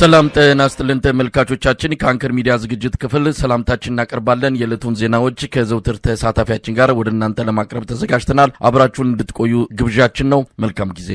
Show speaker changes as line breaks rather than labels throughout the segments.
ሰላም ጤና ይስጥልን ተመልካቾቻችን፣ ከአንከር ሚዲያ ዝግጅት ክፍል ሰላምታችን እናቀርባለን። የዕለቱን ዜናዎች ከዘውትር ተሳታፊያችን ጋር ወደ እናንተ ለማቅረብ ተዘጋጅተናል። አብራችሁን እንድትቆዩ ግብዣችን ነው። መልካም ጊዜ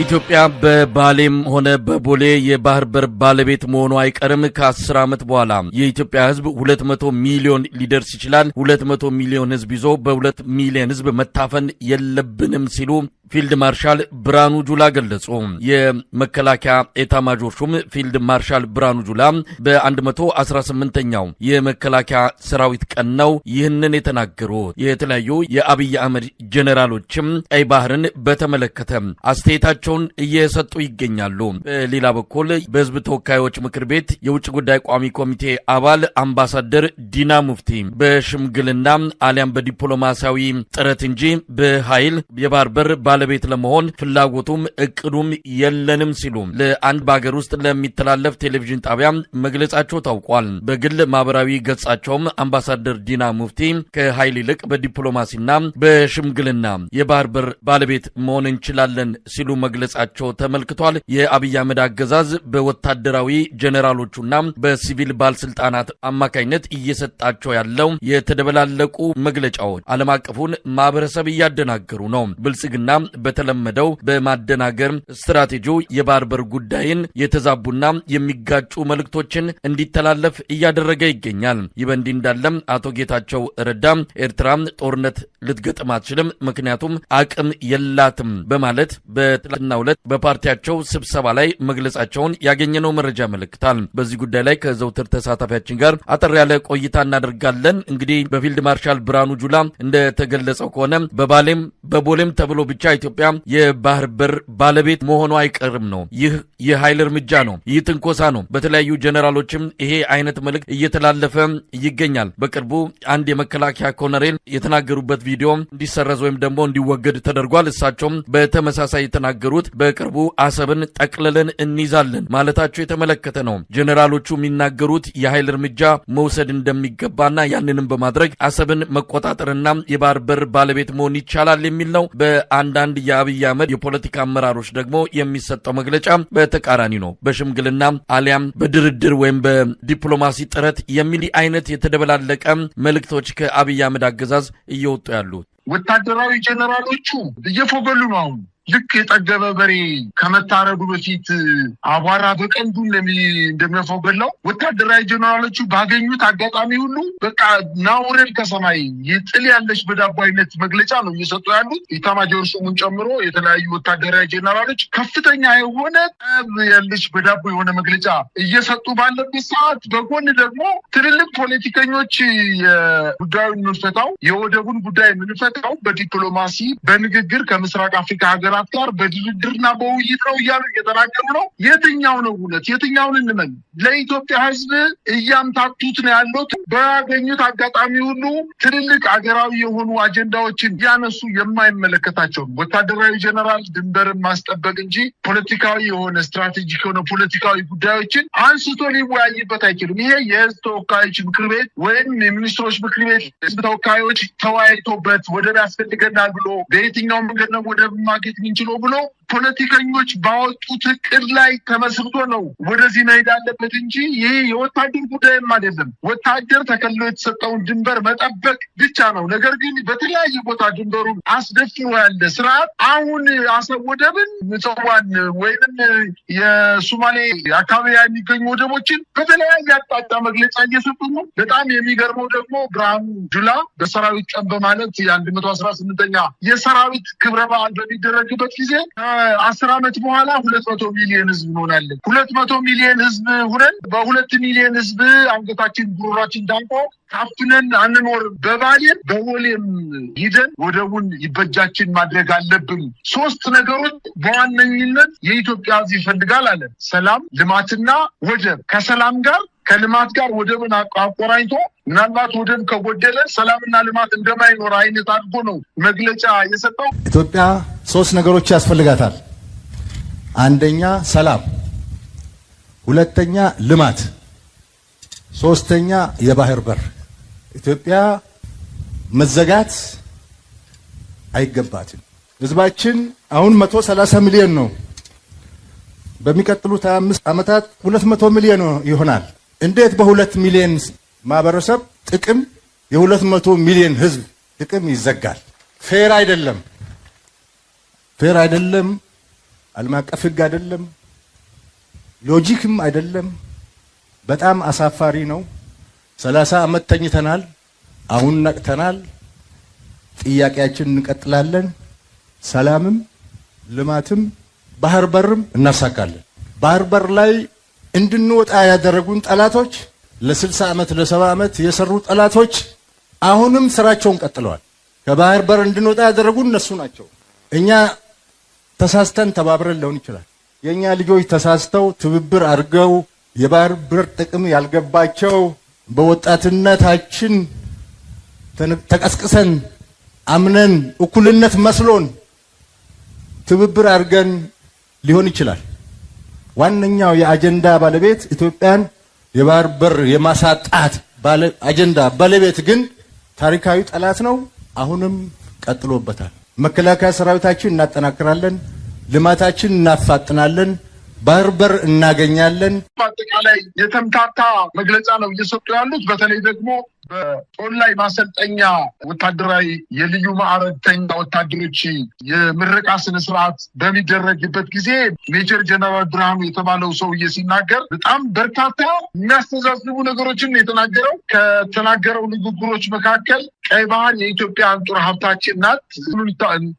ኢትዮጵያ በባሌም ሆነ በቦሌ የባህር በር ባለቤት መሆኑ አይቀርም። ከአስር ዓመት በኋላ የኢትዮጵያ ሕዝብ ሁለት መቶ ሚሊዮን ሊደርስ ይችላል። ሁለት መቶ ሚሊዮን ሕዝብ ይዞ በሁለት ሚሊዮን ሕዝብ መታፈን የለብንም ሲሉ ፊልድ ማርሻል ብርሃኑ ጁላ ገለጹ። የመከላከያ ኤታማጆር ሹም ፊልድ ማርሻል ብርሃኑ ጁላ በ118ኛው የመከላከያ ሰራዊት ቀን ነው ይህንን የተናገሩ። የተለያዩ የአብይ አህመድ ጄኔራሎችም ቀይ ባህርን በተመለከተ አስተያየታቸውን እየሰጡ ይገኛሉ። በሌላ በኩል በህዝብ ተወካዮች ምክር ቤት የውጭ ጉዳይ ቋሚ ኮሚቴ አባል አምባሳደር ዲና ሙፍቲ በሽምግልና አሊያም በዲፕሎማሲያዊ ጥረት እንጂ በኃይል የባህር በር ባለ ባለቤት ለመሆን ፍላጎቱም እቅዱም የለንም ሲሉ ለአንድ በሀገር ውስጥ ለሚተላለፍ ቴሌቪዥን ጣቢያ መግለጻቸው ታውቋል። በግል ማህበራዊ ገጻቸውም አምባሳደር ዲና ሙፍቲ ከኃይል ይልቅ በዲፕሎማሲና በሽምግልና የባህር በር ባለቤት መሆን እንችላለን ሲሉ መግለጻቸው ተመልክቷል። የአብይ አህመድ አገዛዝ በወታደራዊ ጀኔራሎቹና በሲቪል ባለስልጣናት አማካኝነት እየሰጣቸው ያለው የተደበላለቁ መግለጫዎች ዓለም አቀፉን ማህበረሰብ እያደናገሩ ነው። ብልጽግና በተለመደው በማደናገር ስትራቴጂው የባርበር ጉዳይን የተዛቡና የሚጋጩ መልእክቶችን እንዲተላለፍ እያደረገ ይገኛል። ይህ በእንዲህ እንዳለም አቶ ጌታቸው ረዳ ኤርትራ ጦርነት ልትገጥም አትችልም፣ ምክንያቱም አቅም የላትም በማለት በትላንትናው ዕለት በፓርቲያቸው ስብሰባ ላይ መግለጻቸውን ያገኘነው መረጃ ያመለክታል። በዚህ ጉዳይ ላይ ከዘውትር ተሳታፊያችን ጋር አጠር ያለ ቆይታ እናደርጋለን። እንግዲህ በፊልድ ማርሻል ብርሃኑ ጁላ እንደተገለጸው ከሆነ በባሌም በቦሌም ተብሎ ብቻ ኢትዮጵያ የባህር በር ባለቤት መሆኑ አይቀርም ነው። ይህ የኃይል እርምጃ ነው። ይህ ትንኮሳ ነው። በተለያዩ ጀኔራሎችም ይሄ አይነት መልእክት እየተላለፈ ይገኛል። በቅርቡ አንድ የመከላከያ ኮሎኔል የተናገሩበት ቪዲዮ እንዲሰረዝ ወይም ደግሞ እንዲወገድ ተደርጓል። እሳቸውም በተመሳሳይ የተናገሩት በቅርቡ አሰብን ጠቅልለን እንይዛለን ማለታቸው የተመለከተ ነው። ጀኔራሎቹ የሚናገሩት የኃይል እርምጃ መውሰድ እንደሚገባና ያንንም በማድረግ አሰብን መቆጣጠርና የባህር በር ባለቤት መሆን ይቻላል የሚል ነው። በአንዳንድ አንዳንድ የአብይ አህመድ የፖለቲካ አመራሮች ደግሞ የሚሰጠው መግለጫ በተቃራኒ ነው። በሽምግልና አሊያም በድርድር ወይም በዲፕሎማሲ ጥረት የሚል አይነት የተደበላለቀ መልእክቶች ከአብይ አህመድ አገዛዝ እየወጡ ያሉት
ወታደራዊ ጀኔራሎቹ እየፎገሉ ነው አሁን ልክ የጠገበ በሬ ከመታረዱ በፊት አቧራ በቀንዱ እንደሚነፋው ገላው ወታደራዊ ጀኔራሎቹ ባገኙት አጋጣሚ ሁሉ በቃ ናውረድ ከሰማይ የጥል ያለች በዳቦ አይነት መግለጫ ነው እየሰጡ ያሉት። ኢታማጆር ሹሙን ጨምሮ የተለያዩ ወታደራዊ ጀኔራሎች ከፍተኛ የሆነ ጠብ ያለች በዳቦ የሆነ መግለጫ እየሰጡ ባለበት ሰዓት፣ በጎን ደግሞ ትልልቅ ፖለቲከኞች የጉዳዩን የምንፈታው የወደቡን ጉዳይ የምንፈታው በዲፕሎማሲ በንግግር ከምስራቅ አፍሪካ ሀገር ከሀገራት ጋር በድርድርና በውይይት ነው እያሉ እየተናገሩ ነው። የትኛው ነው እውነት? የትኛውን እንመን? ለኢትዮጵያ ሕዝብ እያምታቱት ነው ያሉት። በያገኙት አጋጣሚ ሁሉ ትልልቅ ሀገራዊ የሆኑ አጀንዳዎችን እያነሱ የማይመለከታቸውን ወታደራዊ ጀነራል ድንበርን ማስጠበቅ እንጂ ፖለቲካዊ የሆነ ስትራቴጂ ከሆነ ፖለቲካዊ ጉዳዮችን አንስቶ ሊወያይበት አይችልም። ይሄ የህዝብ ተወካዮች ምክር ቤት ወይም የሚኒስትሮች ምክር ቤት ህዝብ ተወካዮች ተወያይቶበት ወደብ ያስፈልገናል ብሎ በየትኛው መንገድ ነው ወደብ ማግኘት ነው ብሎ ፖለቲከኞች ባወጡት እቅድ ላይ ተመስርቶ ነው ወደዚህ መሄድ አለበት እንጂ ይህ የወታደር ጉዳይም አይደለም። ወታደር ተከልሎ የተሰጠውን ድንበር መጠበቅ ብቻ ነው። ነገር ግን በተለያየ ቦታ ድንበሩን አስደፍኖ ያለ ስርዓት አሁን አሰብ ወደብን፣ ምጽዋን ወይም የሱማሌ አካባቢ የሚገኙ ወደቦችን በተለያየ አቅጣጫ መግለጫ እየሰጡ ነው። በጣም የሚገርመው ደግሞ ብርሃኑ ጁላ በሰራዊት ቀን በማለት የአንድ መቶ አስራ ስምንተኛ የሰራዊት ክብረ በዓል በሚደረግ በሚያደርግበት ጊዜ ከአስር ዓመት በኋላ ሁለት መቶ ሚሊዮን ህዝብ እንሆናለን። ሁለት መቶ ሚሊዮን ህዝብ ሁነን በሁለት ሚሊዮን ህዝብ አንገታችን ጉሮሯችን ዳንቆ ታፍነን አንኖርም። በባሌም በቦሌም ሂደን ወደቡን ይበጃችን ማድረግ አለብን። ሶስት ነገሮች በዋነኝነት የኢትዮጵያ ህዝብ ይፈልጋል አለ። ሰላም፣ ልማትና ወደብ። ከሰላም ጋር ከልማት ጋር ወደብን አቆራኝቶ ምናልባት ወደብ ከጎደለ ሰላምና ልማት እንደማይኖር አይነት አድርጎ ነው መግለጫ የሰጠው
ኢትዮጵያ ሶስት ነገሮች ያስፈልጋታል። አንደኛ ሰላም፣ ሁለተኛ ልማት፣ ሶስተኛ የባህር በር። ኢትዮጵያ መዘጋት አይገባትም። ህዝባችን አሁን 130 ሚሊዮን ነው። በሚቀጥሉት 25 ዓመታት 200 ሚሊዮን ይሆናል። እንዴት በሁለት ሚሊዮን ማህበረሰብ ጥቅም የ200 ሚሊዮን ህዝብ ጥቅም ይዘጋል? ፌር አይደለም። ፌር አይደለም፣ ዓለም አቀፍ ህግ አይደለም፣ ሎጂክም አይደለም። በጣም አሳፋሪ ነው። ሰላሳ ዓመት ተኝተናል። አሁን ነቅተናል። ጥያቄያችን እንቀጥላለን። ሰላምም ልማትም ባህር በርም እናሳካለን። ባህር በር ላይ እንድንወጣ ያደረጉን ጠላቶች ለ60 ዓመት ለ70 ዓመት የሰሩ ጠላቶች አሁንም ስራቸውን ቀጥለዋል። ከባህር በር እንድንወጣ ያደረጉን እነሱ ናቸው። እኛ ተሳስተን ተባብረን ሊሆን ይችላል። የእኛ ልጆች ተሳስተው ትብብር አድርገው የባህር በር ጥቅም ያልገባቸው በወጣትነታችን ተቀስቅሰን አምነን እኩልነት መስሎን ትብብር አድርገን ሊሆን ይችላል። ዋነኛው የአጀንዳ ባለቤት ኢትዮጵያን የባህር በር የማሳጣት አጀንዳ ባለቤት ግን ታሪካዊ ጠላት ነው። አሁንም ቀጥሎበታል። መከላከያ ሰራዊታችን እናጠናክራለን። ልማታችን እናፋጥናለን፣ ባህር በር እናገኛለን።
አጠቃላይ የተምታታ መግለጫ ነው እየሰጡ ያሉት በተለይ ደግሞ በጦር ላይ ማሰልጠኛ ወታደራዊ የልዩ ማዕረግተኛ ወታደሮች የምረቃ ስነስርዓት በሚደረግበት ጊዜ ሜጀር ጀነራል ብርሃኑ የተባለው ሰውዬ ሲናገር በጣም በርካታ የሚያስተዛዝቡ ነገሮችን የተናገረው። ከተናገረው ንግግሮች መካከል ቀይ ባህር የኢትዮጵያ አንጡር ሀብታችን ናት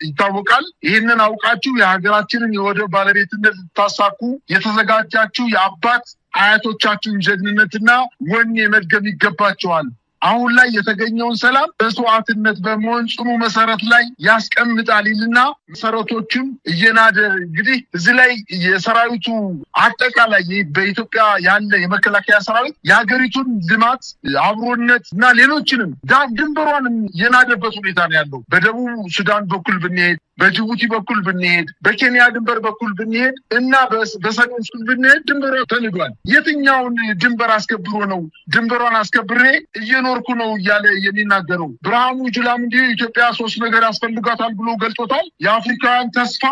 ይታወቃል። ይህንን አውቃችሁ የሀገራችንን የወደብ ባለቤትነት ልታሳኩ የተዘጋጃችሁ የአባት አያቶቻችሁን ጀግንነትና ወኔ መድገም ይገባቸዋል። አሁን ላይ የተገኘውን ሰላም መስዋዕትነት በመሆን ጽኑ መሰረት ላይ ያስቀምጣል ይልና መሰረቶችም እየናደ እንግዲህ እዚህ ላይ የሰራዊቱ አጠቃላይ በኢትዮጵያ ያለ የመከላከያ ሰራዊት የሀገሪቱን ልማት አብሮነት እና ሌሎችንም ድንበሯንም የናደበት ሁኔታ ነው ያለው። በደቡብ ሱዳን በኩል ብንሄድ በጅቡቲ በኩል ብንሄድ፣ በኬንያ ድንበር በኩል ብንሄድ እና በሰሜን ሱዳን ብንሄድ ድንበር ተንዷል። የትኛውን ድንበር አስከብሮ ነው ድንበሯን አስከብሬ እየኖርኩ ነው እያለ የሚናገረው? ብርሃኑ ጁላም እንዲሁ ኢትዮጵያ ሶስት ነገር ያስፈልጋታል ብሎ ገልጾታል። የአፍሪካውያን ተስፋ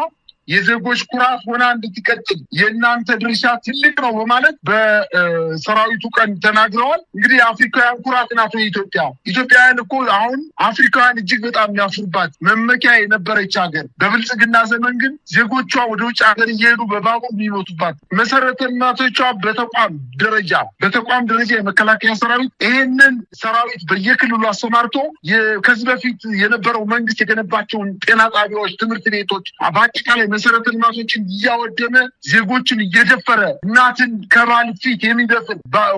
የዜጎች ኩራት ሆና እንድትቀጥል የእናንተ ድርሻ ትልቅ ነው በማለት በሰራዊቱ ቀን ተናግረዋል። እንግዲህ የአፍሪካውያን ኩራት ናት ኢትዮጵያ። ኢትዮጵያውያን እኮ አሁን አፍሪካውያን እጅግ በጣም የሚያፍሩባት መመኪያ የነበረች ሀገር፣ በብልጽግና ዘመን ግን ዜጎቿ ወደ ውጭ ሀገር እየሄዱ በባቡር የሚሞቱባት መሰረተ ልማቶቿ በተቋም ደረጃ በተቋም ደረጃ የመከላከያ ሰራዊት ይሄንን ሰራዊት በየክልሉ አሰማርቶ ከዚህ በፊት የነበረው መንግስት የገነባቸውን ጤና ጣቢያዎች፣ ትምህርት ቤቶች በአጠቃላይ መሰረተ ልማቶችን እያወደመ ዜጎችን እየደፈረ እናትን ከባል ፊት የሚደፍር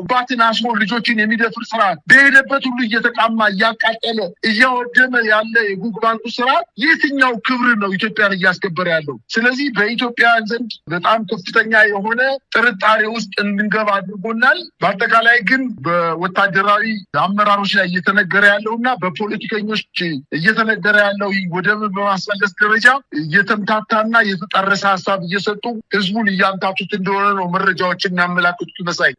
ባትን አስሮ ልጆችን የሚደፍር ስርዓት በሄደበት ሁሉ እየተቃማ እያቃጠለ እያወደመ ያለ የጉግ ባንኩ ስርዓት የትኛው ክብር ነው ኢትዮጵያን እያስከበረ ያለው? ስለዚህ በኢትዮጵያውያን ዘንድ በጣም ከፍተኛ የሆነ ጥርጣሬ ውስጥ እንድንገባ አድርጎናል። በአጠቃላይ ግን በወታደራዊ አመራሮች ላይ እየተነገረ ያለው እና በፖለቲከኞች እየተነገረ ያለው ወደብ በማስመለስ ደረጃ እየተምታታና የተጣረሰ ሀሳብ እየሰጡ ህዝቡን እያምታቱት እንደሆነ ነው መረጃዎች የሚያመላክቱት መሳይ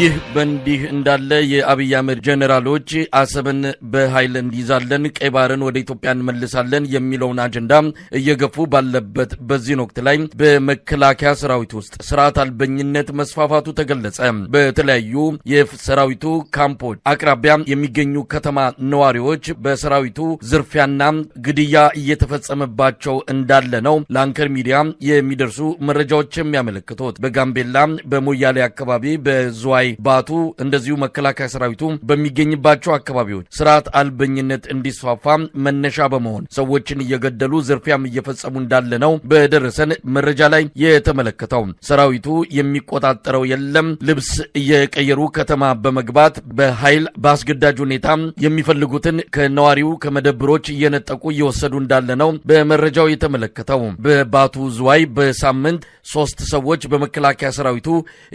ይህ በእንዲህ እንዳለ የአብይ አህመድ ጀኔራሎች አሰብን በኃይል እንዲይዛለን፣ ቀይ ባህርን ወደ ኢትዮጵያ እንመልሳለን የሚለውን አጀንዳ እየገፉ ባለበት በዚህን ወቅት ላይ በመከላከያ ሰራዊት ውስጥ ስርዓት አልበኝነት መስፋፋቱ ተገለጸ። በተለያዩ የሰራዊቱ ካምፖች አቅራቢያ የሚገኙ ከተማ ነዋሪዎች በሰራዊቱ ዝርፊያና ግድያ እየተፈጸመባቸው እንዳለ ነው ለአንከር ሚዲያ የሚደርሱ መረጃዎች የሚያመለክቱት። በጋምቤላ በሞያሌ አካባቢ በዝዋይ ላይ ባቱ እንደዚሁ መከላከያ ሰራዊቱ በሚገኝባቸው አካባቢዎች ስርዓት አልበኝነት እንዲስፋፋ መነሻ በመሆን ሰዎችን እየገደሉ ዝርፊያም እየፈጸሙ እንዳለ ነው በደረሰን መረጃ ላይ የተመለከተው። ሰራዊቱ የሚቆጣጠረው የለም። ልብስ እየቀየሩ ከተማ በመግባት በኃይል በአስገዳጅ ሁኔታ የሚፈልጉትን ከነዋሪው ከመደብሮች እየነጠቁ እየወሰዱ እንዳለ ነው በመረጃው የተመለከተው። በባቱ ዝዋይ በሳምንት ሶስት ሰዎች በመከላከያ ሰራዊቱ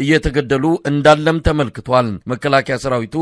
እየተገደሉ እንዳለም ተመልክቷል። መከላከያ ሰራዊቱ